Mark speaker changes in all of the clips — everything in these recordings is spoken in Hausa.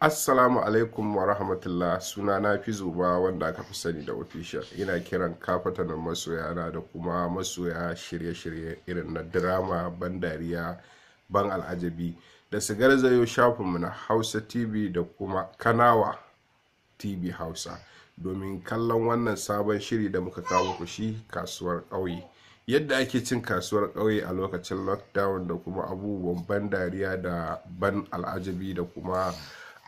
Speaker 1: Assalamu alaikum wa rahmatullah suna na fi zuba wanda aka fi sani da official ina kiran kafatanin masoya na da kuma masoya shirye-shirye irin na drama ban dariya ban al'ajabi da su garzayo shafinmu na hausa tv da kuma kanawa tv hausa domin kallon wannan sabon shiri da muka kawo ku shi kasuwar ƙauye yadda ake cin kasuwar ƙauye a lokacin lockdown da kuma abubuwan ban dariya da ban al'ajabi da kuma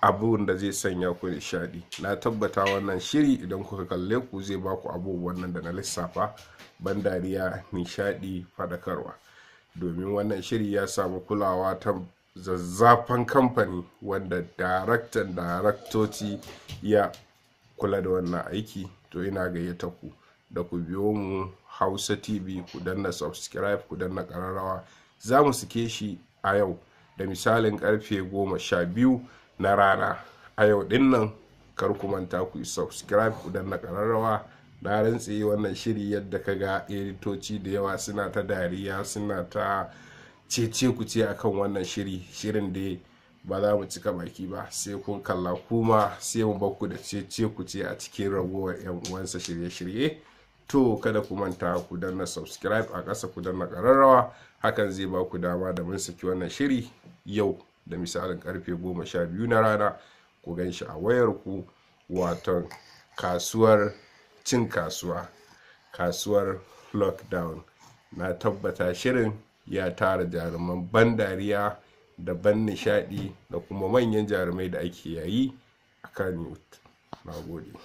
Speaker 1: abubuwan da zai sanya ku nishadi na tabbata wannan shiri idan kuka kalle ku zai ba ku abubuwan nan da na lissafa ban dariya nishadi fadakarwa domin wannan shiri ya samu kulawa ta zazzafan kamfani wanda daraktan daraktoci ya kula da wannan aiki to ina gayyata ku da ku biyo mu hausa tv ku danna subscribe ku danna kararrawa za mu sike shi a yau da misalin karfe goma sha biyu na rana a yau din nan kar ku manta ku subscribe ku danna kararrawa na rantse wannan shiri yadda ka ga editoci da yawa suna ta dariya suna ta cece ku ce akan wannan shiri shirin da ba za mu cika baki ba sai kun kalla kuma sai mu bakku da cece ku ce a cikin ragowar yan uwansa shirye-shirye to kada ku manta ku danna subscribe a ƙasa ku danna ƙararrawa hakan zai ba ku dama da mun saki wannan shiri yau da misalin karfe 12 na rana ku gan shi a wayarku waton kasuwar cin kasuwa kasuwar lockdown na tabbata shirin ya tara jaruman ban dariya da ban nishadi da kuma manyan jarumai da ake yayi a kan na gode